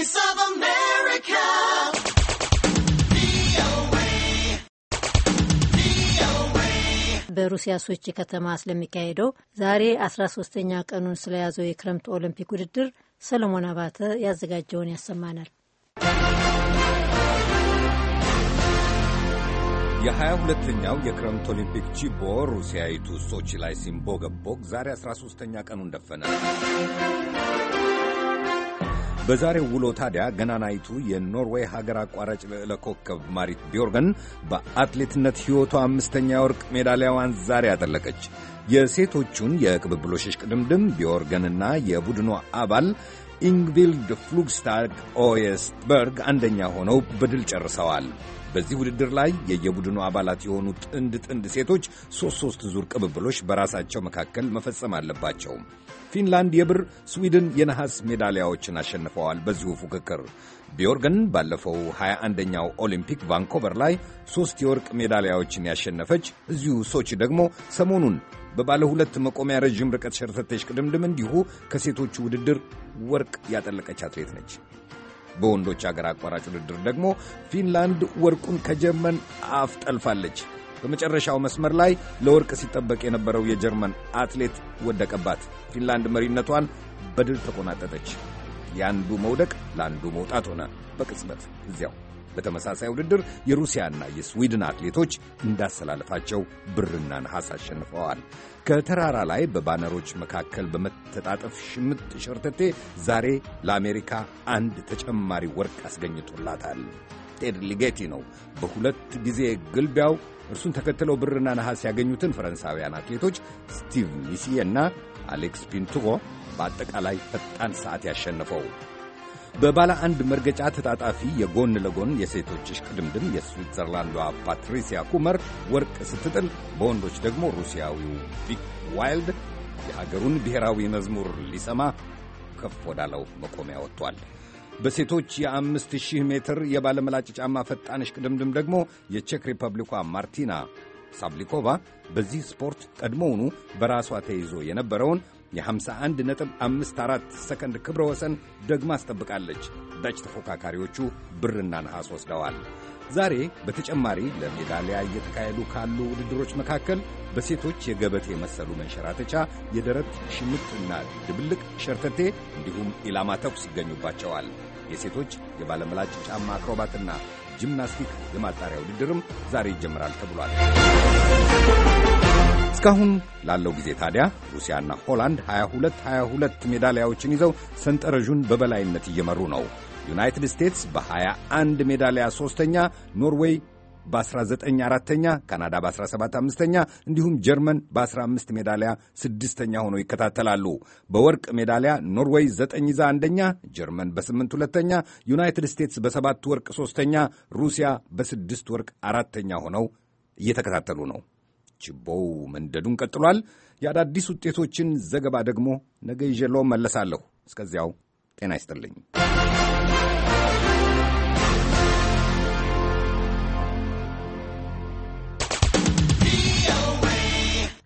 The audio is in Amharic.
Voice of America. በሩሲያ ሶቺ ከተማ ስለሚካሄደው ዛሬ አስራ ሶስተኛ ቀኑን ስለያዘው የክረምት ኦሎምፒክ ውድድር ሰለሞን አባተ ያዘጋጀውን ያሰማናል። የሀያ ሁለተኛው የክረምት ኦሊምፒክ ቺቦ ሩሲያዊቱ ሶቺ ላይ ሲምቦገቦግ ዛሬ አስራ ኛ ቀኑን ደፈነ። በዛሬው ውሎ ታዲያ ገናናይቱ የኖርዌይ ሀገር አቋራጭ ልዕለ ኮከብ ማሪት ቢዮርገን በአትሌትነት ሕይወቷ አምስተኛ የወርቅ ሜዳሊያዋን ዛሬ አጠለቀች። የሴቶቹን የቅብብሎሽ ቅድምድም ቢዮርገንና የቡድኗ አባል ኢንግቪልድ ፍሉግስታግ ኦየስትበርግ አንደኛ ሆነው በድል ጨርሰዋል። በዚህ ውድድር ላይ የየቡድኑ አባላት የሆኑ ጥንድ ጥንድ ሴቶች ሦስት ሦስት ዙር ቅብብሎች በራሳቸው መካከል መፈጸም አለባቸው። ፊንላንድ የብር፣ ስዊድን የነሐስ ሜዳሊያዎችን አሸንፈዋል። በዚሁ ፉክክር ቢዮርገን ባለፈው 21ኛው ኦሊምፒክ ቫንኮቨር ላይ ሦስት የወርቅ ሜዳሊያዎችን ያሸነፈች፣ እዚሁ ሶቺ ደግሞ ሰሞኑን በባለ ሁለት መቆሚያ ረዥም ርቀት ሸርተቴሽ ቅድምድም እንዲሁ ከሴቶቹ ውድድር ወርቅ ያጠለቀች አትሌት ነች። በወንዶች አገር አቋራጭ ውድድር ደግሞ ፊንላንድ ወርቁን ከጀርመን አፍጠልፋለች። በመጨረሻው መስመር ላይ ለወርቅ ሲጠበቅ የነበረው የጀርመን አትሌት ወደቀባት። ፊንላንድ መሪነቷን በድል ተቆናጠጠች። የአንዱ መውደቅ ለአንዱ መውጣት ሆነ። በቅጽበት እዚያው በተመሳሳይ ውድድር የሩሲያና የስዊድን አትሌቶች እንዳሰላለፋቸው ብርና ነሐስ አሸንፈዋል። ከተራራ ላይ በባነሮች መካከል በመተጣጠፍ ሽምጥ ሸርተቴ ዛሬ ለአሜሪካ አንድ ተጨማሪ ወርቅ አስገኝቶላታል። ቴድ ሊጌቲ ነው በሁለት ጊዜ ግልቢያው እርሱን ተከትለው ብርና ነሐስ ያገኙትን ፈረንሳውያን አትሌቶች ስቲቭ ሚሲ እና አሌክስ ፒንቱሮ በአጠቃላይ ፈጣን ሰዓት ያሸነፈው በባለ አንድ መርገጫ ተጣጣፊ የጎን ለጎን የሴቶች እሽቅድምድም የስዊትዘርላንዷ ፓትሪሲያ ኩመር ወርቅ ስትጥል፣ በወንዶች ደግሞ ሩሲያዊው ቪክ ዋይልድ የሀገሩን ብሔራዊ መዝሙር ሊሰማ ከፍ ወዳለው መቆሚያ ወጥቷል። በሴቶች የአምስት ሺህ ሜትር የባለመላጭ ጫማ ፈጣን እሽቅድምድም ደግሞ የቼክ ሪፐብሊኳ ማርቲና ሳብሊኮቫ በዚህ ስፖርት ቀድሞውኑ በራሷ ተይዞ የነበረውን የ51.54 ሰከንድ ክብረ ወሰን ደግማ አስጠብቃለች። ዳች ተፎካካሪዎቹ ብርና ነሐስ ወስደዋል። ዛሬ በተጨማሪ ለሜዳሊያ እየተካሄዱ ካሉ ውድድሮች መካከል በሴቶች የገበቴ መሰሉ መንሸራተቻ፣ የደረት ሽምጥና ድብልቅ፣ ሸርተቴ እንዲሁም ኢላማ ተኩስ ይገኙባቸዋል። የሴቶች የባለመላጭ ጫማ አክሮባትና ጂምናስቲክ የማጣሪያ ውድድርም ዛሬ ይጀምራል ተብሏል። እስካሁን ላለው ጊዜ ታዲያ ሩሲያና ሆላንድ 22 22 ሜዳሊያዎችን ይዘው ሰንጠረዡን በበላይነት እየመሩ ነው። ዩናይትድ ስቴትስ በ21 ሜዳሊያ ሦስተኛ፣ ኖርዌይ በ19 አራተኛ፣ ካናዳ በ17 አምስተኛ እንዲሁም ጀርመን በ15 ሜዳሊያ ስድስተኛ ሆነው ይከታተላሉ። በወርቅ ሜዳሊያ ኖርዌይ ዘጠኝ ይዛ አንደኛ፣ ጀርመን በስምንት ሁለተኛ፣ ዩናይትድ ስቴትስ በሰባት ወርቅ ሦስተኛ፣ ሩሲያ በስድስት ወርቅ አራተኛ ሆነው እየተከታተሉ ነው። ችቦው መንደዱን ቀጥሏል። የአዳዲስ ውጤቶችን ዘገባ ደግሞ ነገ ይዤ መለሳለሁ። እስከዚያው ጤና ይስጥልኝ።